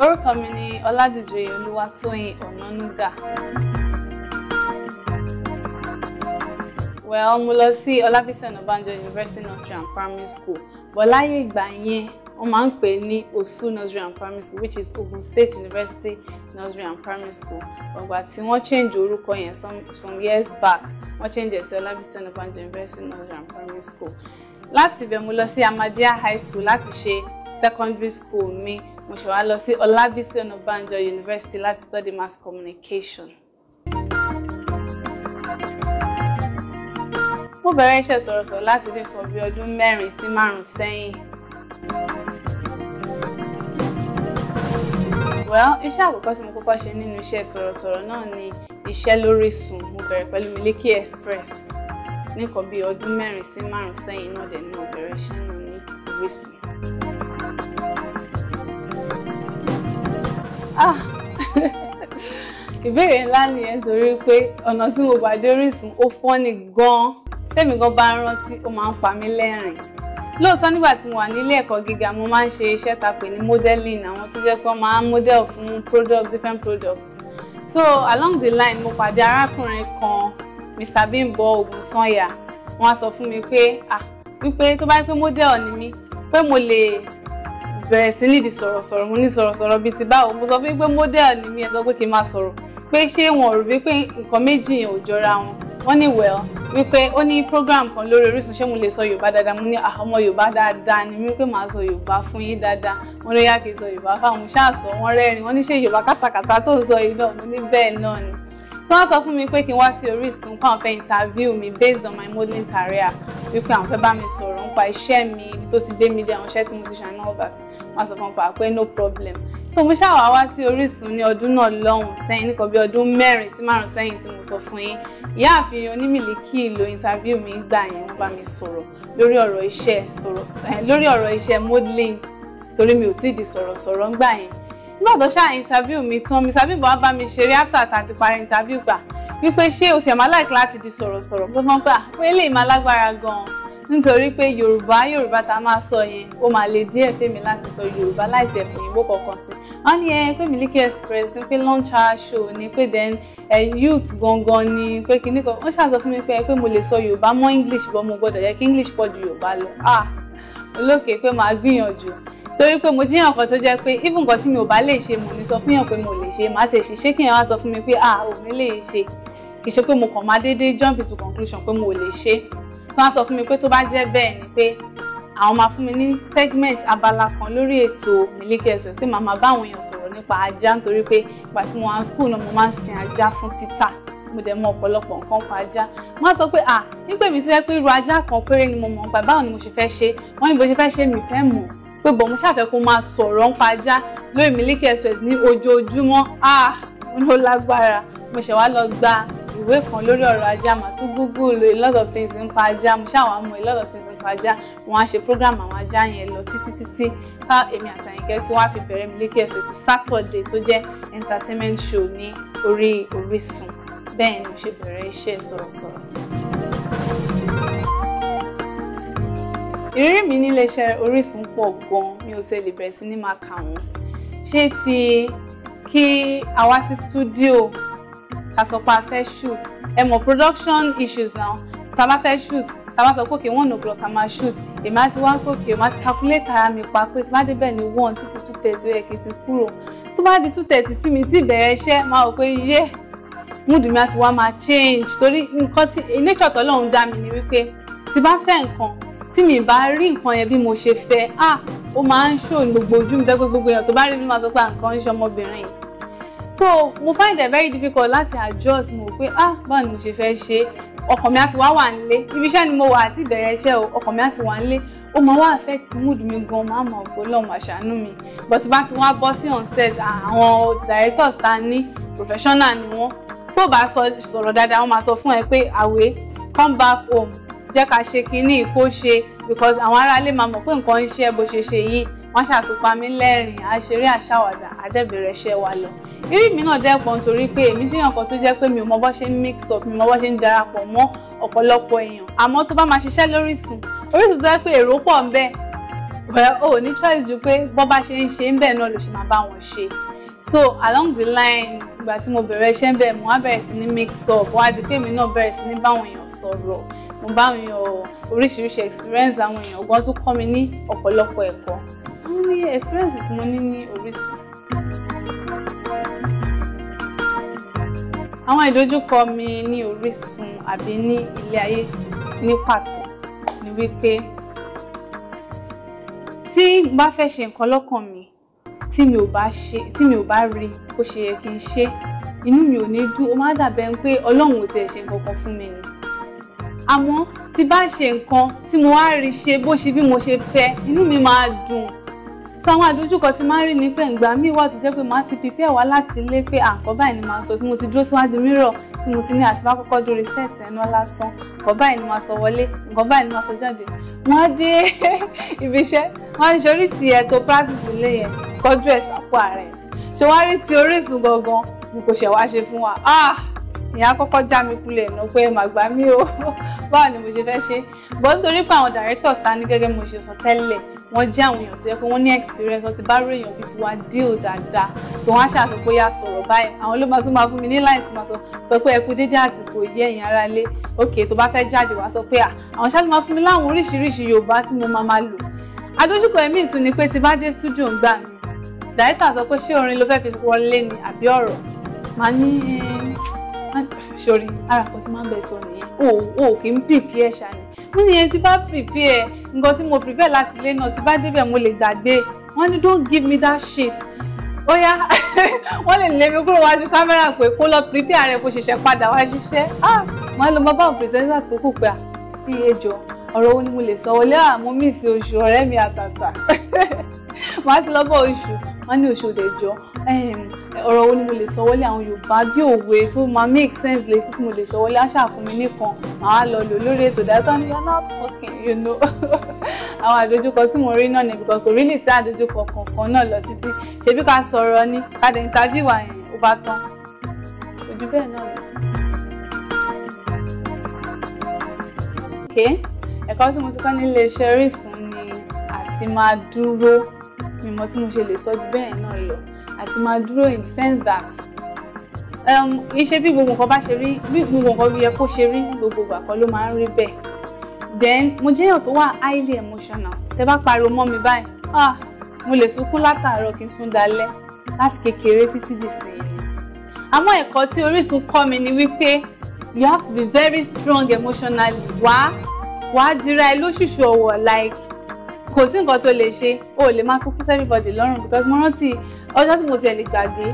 Orúkọ mi ni Ọládìjoyè Olúwatóyìn Ọ̀nánúgà. Well, mo lọ sí Ọlábísí Ọ̀nàbánjọ University Nursery and Primary School. But láyé ìgbà yẹn, wọ́n máa ń pè ní OSU Nursery and Primary School which is Ogun State University Nursery and Primary School. Ọgbà tí wọ́n change orúkọ yẹn some, some years back, wọ́n change ẹ̀ sí Ọlábísí Ọ̀nàbánjọ University Nursery and Primary School. Láti ibẹ̀ mo lọ sí Ahmadiyya High School láti ṣe secondary school mi mo ṣe wá lọ sí Ọlábísí Ọ̀nàbànjọ University láti study mass communication. mo bẹ̀rẹ̀ iṣẹ́ sọ̀rọ̀sọ̀rọ̀ láti fi nǹkan bí ọdún mẹ́rin sí márùn-ún sẹ́yìn. well iṣẹ́ àkọ́kọ́ tí mo kọ́kọ́ ṣe nínú iṣẹ́ sọ̀rọ̀sọ̀rọ̀ náà ni iṣẹ́ lórí sùn mo bẹ̀rẹ̀ pẹ̀lú Miliki Express nǹkan bí ọdún mẹ́rin sí márùn-ún sẹ́yìn náà dẹ̀ ni mo bẹ̀rẹ̀ iṣẹ́ náà ní Orísun. ìbéèrè ńlá nìyẹn torí pé ọ̀nà tí mo gbàdé Orísun ó fọ́ni gan-an tèmi gan bá rántí ó máa ń pa mí lẹ́rìn lóòótọ́ nígbà tí mo wà nílé ẹ̀kọ́ gíga mo máa ń ṣe iṣẹ́ ta pè ní modeling àwọn tó jẹ́ pé wọ́n máa ń model fún products different products so along the line mo pàdé arákùnrin kan Mr. Bimbo Ogunsanya wọ́n á sọ fún mi pé ah wípé tó bá yẹ pé model ni mí pé mo lè bẹ̀rẹ̀ sí ní di sọ̀rọ̀sọ̀rọ̀ mo ní sọ̀rọ̀sọ̀rọ̀ bíi ti báwo mo sọ fún yín pé model ni mí ẹ sọ pé kí n máa sọ̀rọ̀ pé ṣé wọn ò rò wípé nǹkan méjì yẹn ò jọra wọn wọ́n ní well wípé ó ní program kan lórí Orísun ṣé mo lè sọ Yorùbá dáadáa mo ní ọmọ Yorùbá dáadáa ni wípé màá sọ Yorùbá fún yín dáadáa wọ́n ló yá kí n sọ Yorùbá fáwọn ṣáàsọ wọ́n rẹ́rìn wọ́n ní ṣe Yorùbá kátàkátà tó ń sọ yìí náà mo ní bẹ́ẹ̀ náà ni tí wọ́n sọ fún mi pé kí n wá sí Orísun fáwọn fẹ́ interview mi based on my modeling career wípé àwọn fẹ́ bá mi sọ̀rọ̀ nípa iṣẹ́ mi ibi tó ti gbé mi dé àwọn iṣẹ́ tí mo ti ṣàná ọ̀bà wọ́n sọ fún mi pé ah, no problem so mo ṣáà wá wá sí Orísun ní ọdún náà lọ́hùn sẹ́yìn nìkan bí ọdún mẹ́rin sí márùn sẹ́yìn tí mo sọ fún yín ìyáàfin onímìlíkì lo interview mi gbà yẹn wọ́n bá mi sọ̀rọ̀ lórí ọ̀rọ̀ iṣẹ́ sọ̀rọ̀ eh, lórí ọ̀rọ̀ iṣẹ́ modeling torí mi ò tí ì di sọ̀rọ̀sọ̀rọ̀ ńgbà yẹn nígbà tó ṣáà interview mi tán mi sábì bọ́ wá bá mi ṣeré after tá a parí interview gbà wípé ṣé o di sọ̀rọ̀sọ̀rọ̀ pé wọ́n ah, gbà pé eléyìí máa lágbára gan-an nítorí pé yorùbá yorùbá tá a máa sọ yẹn ó máa le díẹ̀ tèmi láti sọ yorùbá láì jẹ́ fún ìbò kankan sí i wọ́n ní eh, ẹ pé Miliki Express ni pé launcher show ni pé then eh, youth gangan ni pé kinní kan wọ́n ṣàtọ́ fún mi pé eh, pé mo lè sọ Yorùbá mọ́ English bọ́ mo gbọ́dọ̀ yẹ kí English pọ̀ ju Yorùbá lọ ah olókè pé màá gbìyànjú torí pé mo jíyàn kan tó jẹ́ pé even nǹkan tí mi ò bá lè ṣe mo ní sọ fún yàn pé mo lè ṣe màá tẹ̀ ṣiṣẹ́ kí yàn wá sọ fún mi pé ah òun lè ṣe kì í ṣe pé mo kàn máa déédéé jump to conclusion pé mo lè ṣe tí wọ́n á sọ fún mi pé tó bá jẹ́ bẹ́ẹ̀ ni pé àwọn máa fún mi ní segment abala kan lórí ètò Miliki Express pé màá máa bá àwọn èèyàn sọ̀rọ̀ nípa ajá nítorí pé ìgbà tí mo wá school náà mo máa ń sin ajá fún títà mo dẹ̀ mọ ọ̀pọ̀lọpọ̀ nǹkan pa ajá wọ́n á sọ pé ah nígbà mi ti fẹ́ pé irú ajá kan péré ni mo mọ̀ nípa báwo ni mo ṣe fẹ́ ṣe wọ́n ní bó ṣe fẹ́ ṣe mi fẹ́ mọ̀ pé bọ̀ mo ṣàfẹ́ kó máa sọ̀rọ̀ nípa ajá lórí Miliki Express ní ojoojúmọ́ ah ló lágbára mo ṣẹ̀ wá lọ gba ìwé kan lórí ọ̀rọ̀ ajá màá tún Google a lot of things nípa ajá mo ṣàwọn àmọ́ a lot of things ajá wọn á ṣe program àwọn ajá yẹn lọ títí títí tá èmi àtàyìnkẹ́ tí wọ́n á fi bẹ̀rẹ̀ Miliki Express ti Saturday tó jẹ́ entertainment show ní orí Orísun bẹ́ẹ̀ ni mo ṣe bẹ̀rẹ̀ iṣẹ́ sọ̀rọ̀sọ̀rọ̀. ìrírí mi nílé iṣẹ́ Orísun pọ̀ gan mi ò tẹ́lẹ̀ bẹ̀rẹ̀ sí ní máa kà wọ́n ṣé ti kí a wá sí studio ká sọ pé a fẹ́ shoot ẹ mọ̀ production issues now tá a bá fẹ́ shoot tá a bá sọ pé òkè one o'clock a máa shoot èmi á ti wá pé òkè máa ti calculate ara mi pa pé tí má débẹ̀ ní one títí two thirty ó yẹ kí ti kúrò tó bá di two thirty tí mi ti bẹ̀rẹ̀ iṣẹ́ máa wò pé yé múdù mi á ti wá máa change torí nǹkan tí nature tọ́lọ́run dá mi ni wípé tí bá fẹ́ nǹkan tí mi bá rí nǹkan yẹn bí mo ṣe fẹ́ ah ó máa ń ṣò gbogbo ojú mi fẹ́ gbogbo èèyàn tó bá rí mi máa sọ pé ah, nǹkan ń ṣe ọmọbìnrin so mo find it very difficult láti adjust mo pé ah báwo ni mo ṣe fẹ́ ṣe ọkàn mi á ti wá wà nílé ibi iṣẹ́ ni mo wà àti ìbẹ̀rẹ̀ iṣẹ́ o ọkàn mi á ti wà nílé ó máa wá affect mood mi gan máa mọ̀ pé lọ́mọ àṣàánú mi but bá ti wá bọ́ sí on set àwọn directors ta ní professional ni wọ́n bó bá sọ̀rọ̀ dáadáa wọ́n máa sọ fún ẹ pé àwẹ̀ come back home jẹ́ ká ṣe kinní kó ṣe because àwọn aráalé máa mọ̀ pé nǹkan ń ṣe bó ṣe ṣe yìí wọ́n ṣàtúpa mi lẹ́rìn àṣeré àṣàwàdà àdẹ́bẹ̀rẹ̀ ṣẹ́ wa lọ. irú mi náà dẹ́pọ̀ nítorí pé èmi jẹ́yàn kan tó jẹ́ pé mi ò mọ bó ṣe ń mix up mi ò mọ bó ṣe ń darapọ̀ mọ́ ọ̀pọ̀lọpọ̀ èèyàn àmọ́ tó bá máa ṣiṣẹ́ lóríṣun Orísun tó jẹ́ pé èrò pọ̀ ń bẹ́ẹ̀ well o ní choice ju pé bó bá ṣe ń ṣe ń bẹ́ẹ̀ náà ló ṣe máa bá wọn ṣe so along the line ìgbà tí mo bẹ̀rẹ̀ iṣẹ́ bẹ́ẹ̀ mo wá bẹ̀rẹ̀ sí ní mix up wá di pé èmi náà bẹ̀rẹ̀ sí ní báwọn èèyàn sọ̀rọ̀ mo bá àwọn èèyàn oríṣiríṣi experience àwọn èèyàn gan tún kọ́ mi ní ọ̀pọ̀lọpọ̀ ẹ̀kọ́ àwọn ní experience tí mo ní ní Orísun. àwọn ìdojúkọ mi ní Orísun àbí ní ilé ayé ní pàtó ni wípé tí n bá fẹ́ ṣe nǹkan lọ́kàn mi tí mi ò bá ṣe tí mi ò bá rí bó ṣe yẹ kí n ṣe inú mi ò ní dùn ó má dàbẹ̀ pé ọlọ́run ò tẹ̀ ṣe nǹkan kan fún mi ni àmọ́ tí bá ṣe nǹkan tí mo wá rí ṣe bó ṣe bí mo ṣe fẹ́ inú mi máa dùn so àwọn àdójúkọ tí máa ń rí ni pé ìgbà míì wà tó jẹ́ pé màá ti prepare wá láti ilé pé àǹkọ́ báyìí ni màá sọ tí mo ti dúró síwájú mírọ̀ tí mo ti ní àti bá kọ́kọ́ dórí sẹ́ẹ̀tì ẹ̀nà lásán nǹkan báyìí ni màá sọ wọlé nǹkan báyìí ni màá sọ jáde wọ́n á dé ibi iṣẹ́ wọ́n á ní sori ti ẹ̀tọ́ practice ilé yẹn kọjú ẹ̀ sápò ààrẹ ṣé wọ́n á rí ti Orísun gangan ni kò ṣẹ̀ wá ṣe fún wa ah ìyá kọ́kọ́ já mi kulẹ̀ ẹ̀nà pé ẹ màgbà mí o báwo ni mo ṣe fẹ́ ṣe bọ́ nítorí pé àwọn directors ta ní gẹ́gẹ́ mo ṣe sọ tẹ́lẹ̀ wọ́n jẹ́ àwọn èèyàn tó yẹ pé wọ́n ní experience wọ́n ti bá rí èèyàn bíi tiwa deal dáadáa so wọ́n á ṣàṣọ pé yà sọ̀rọ̀ báyìí àwọn ló máa tún máa fún mi ní láì tí máa sọ sọ pé ẹ dédé àsìkò yí ẹ̀yin ara lé òkè tó bá fẹ́ jáde wá sọ pé àwọn ṣáà ti máa fún mi láwọn oríṣiríṣi Yorùbá tí mo máa máa lò adójúkọ ẹ̀mí ìtún ni pé ti bá dé studio ń gbà mí dàítà sọ pé ṣé orin ló fẹ́ fi wọlé ni àbí ọ̀rọ̀ màá ní sórí ara kan tí máa ń bẹ sọ nìyẹn o ò kì í pìpì ẹ̀ ṣáà ni mo nìyẹn ti bá pìpì ẹ̀ nǹkan tí mo pìpì ẹ̀ láti ilé náà ti bá débẹ̀ mo lè gbàgbé wọ́n ní don't give me that shit bóyá wọ́n lè lé mi kúrò wájú kámẹ́rà pé kó lọ pìpì ààrẹ kó ṣẹ̀ṣẹ̀ padà wá ṣiṣẹ́ ah wọ́n lọ bábà pìrìsẹ́ńtà tó kù pé à bí ejò ọ̀rọ̀ wo ni mo lè sọ wọlé àmọ́ mi sí oṣù ọ̀rẹ́ mi àtàtà màá ti lọ́bọ̀ oṣù wọ́n ní òṣòdè jọ ọ̀rọ̀ wo ni mo lè sọwọ́lé àwọn Yorùbá bí òwe tó máa make sense létí tí mo lè sọwọ́lé àṣà fún mi nìkan màá lọ lò lórí ètò dátà ní yọ náà fọkàn you know àwọn àdójúkọ tí mo rí náà ni because kò really sí àdójúkọ kankan náà lọ títí ṣebí ká sọ̀rọ̀ ni ká dẹ̀ ń tábí wà yẹn ó bá tán ojú bẹ́ẹ̀ náà lọ. ẹ̀kọ́ tí mo ti kọ́ nílé iṣẹ́ Orísun ni àti máa dúró mi mọ tí mo ṣe lè sọ ju bẹ́ẹ̀ náà lọ àti máa dúró in the sense that iṣẹ́ um, bí gbogbo nǹkan bá ṣe rí bí gbogbo nǹkan yẹ kó ṣe rí gbogbo ìgbà kan ló máa ń rí bẹ́ẹ̀ then mo jẹ́ èèyàn tó wà highly emotional tẹ bá pariwo mọ́ mi báyìí ah mo lè sunkún látàárọ̀ kí n sún dalẹ́ láti kékeré títí di sèyí àmọ́ ẹ̀kọ́ tí Orísun kọ́ mi ni wípé you have to be very strong emotionally wá wá dira ẹ lóṣùṣù ọwọ́ like kò sí nǹkan tó lè ṣe o ò lè máa sunkún sí everybody lọ́rùn because mo rántí ọjọ́ tí mo tiẹ̀ lè gbàgbé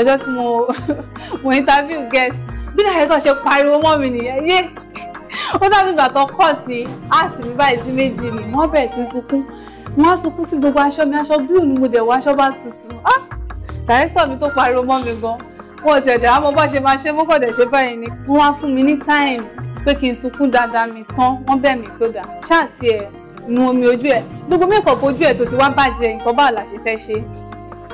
ọjọ́ tí mo mo interview guest bí dàrẹ́tọ̀ ṣe pariwo mọ́ mi nìyẹn yé ó dàbí ìgbà tó kọ̀ sí áàtì mi báyìí sí méjì ni wọ́n bẹ̀rẹ̀ sí sunkún wọ́n á sunkún sí gbogbo aṣọ mi aṣọ bíi òní mo dẹ̀ wọ aṣọ bá tutù ah dàrẹ́tọ̀ mi tó pariwo mọ́ mi gan wọn ò tẹ̀dẹ̀ àmọ́ bá ṣe máa ṣe mọ́ pọ̀dẹ̀ ṣe báyìí ni wọ́n á fún mi ní time pé kí n sunkún dáadáa mi tán wọ́n bẹ̀ mí kódà ṣáà tiẹ̀ nu omi ojú ẹ gbogbo mẹ́kọ̀ọ́ ojú ẹ tó ti wá bàjẹ́ nǹkan báwo la ṣe fẹ́ ṣe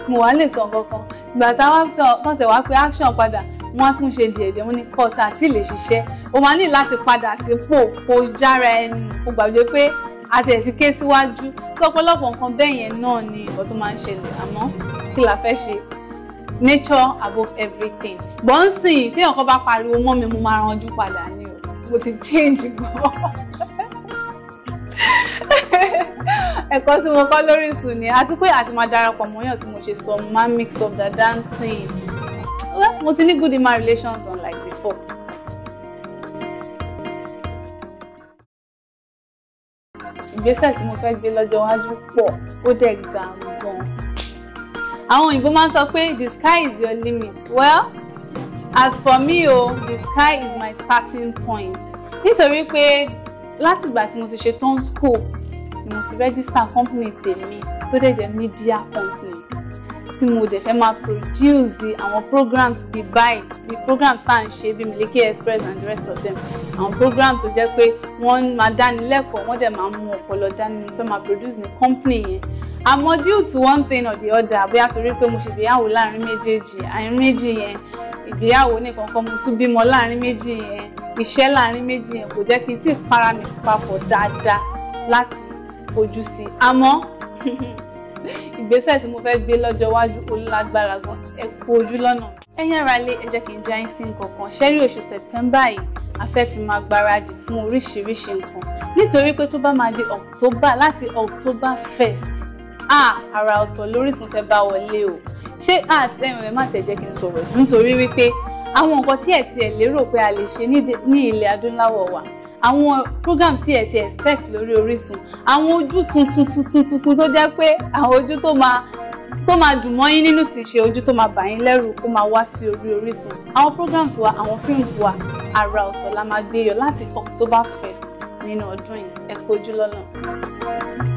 mo wá lè sọ nǹkan kan ìgbà táwọn kan tẹ̀ wá pé action padà wọ́n á tún ṣe dìẹ̀dẹ̀ wọ́n ní kọ́ta àti lè ṣiṣẹ́ o máa ní láti padà sípò kó jára ẹni o gbàgbé pé àti ẹ̀ ti ké síwájú tọ́pọ̀lọpọ̀ nǹkan bẹ́ẹ̀ yẹn náà ni nǹkan tó máa ń ṣẹlẹ̀ àmọ́ kí la fẹ́ ṣe nature above everything bọ́ǹsìn kéèyàn kan bá pariwo mọ́ mi mo máa ranjú padà ni o mo ti change gan. ẹ̀kọ́ tí mo kọ́ lórí sùn ni àti pé àti máa darapọ̀ mọ́yàn tí mo ṣe sọ máa mix up the dancing mo ti ní good in my relations unlike before. ìgbésẹ̀ tí mo fẹ́ gbé lọ́jọ́ iwájú pọ̀ ó dẹ̀ ga gan. àwọn òyìnbó máa ń sọ pé the sky is your limit well as for me o oh, the sky is my starting point nítorí pé látìgbà tí mo ti ṣe tán school ni mo ti register company tèmi tó dẹ̀ jẹ́ media company tí mo dẹ̀ fẹ́ máa produce àwọn programs bí báyìí bí programs tá à ń ṣe bí Miliki Express and the rest of them àwọn programs tó jẹ́ pé wọ́n máa dánilẹ́kọ̀ọ́ wọ́n dẹ̀ máa mú ọpọlọ dání mo fẹ́ máa produce ní company yẹn àmọ́ due to one thing or the other bóyá torí pé mo ṣègbéyàwó láàrin méjèèjì àárín méjì yẹn ìgbéyàwó nìkan kan mo tún bímọ láàrin méjì yẹn iṣẹ́ láàrin méjì yẹn kò jẹ́ kí n tí ì para mi papọ̀ dáadáa láti fojú sí àmọ́ ìgbésẹ̀ tí mo fẹ́ gbé lọ́jọ́ iwájú ó lágbára gan ẹ kú ojú lọ́nà ẹ yára lé ẹ jẹ́ kí n já yín sí nǹkan kan ṣẹ́rí oṣù sẹ̀tẹ́mbà yìí a fẹ́ fi máa gbáradì fún oríṣiríṣi nǹkan nítorí pé tó bá máa di October láti October first ah àrà ọ̀tọ̀ lórísun fẹ́ bá wọlé o ṣé àtẹ̀wẹ̀ má tẹ̀ jẹ́ kí n sọ̀rọ̀ nítorí wípé àwọn nǹkan tí ẹ̀ tiẹ̀ lérò pé a lè ṣe ní ilẹ̀ adúláwọ̀ wa àwọn programs tí ẹ ti expect lórí Orísun àwọn ojú tuntun tuntun tuntun tó jẹ́ pé àwọn ojú tó máa tó máa dùn mọ́ yín nínú tí ṣe ojú tó máa bà yín lẹ́rù kó máa wá sí orí Orísun àwọn programs wa àwọn films wa àrà ọ̀tọ̀ la máa gbé yọ láti October 1st nínú ọdún yìí ẹ kú ojú lọ́nà.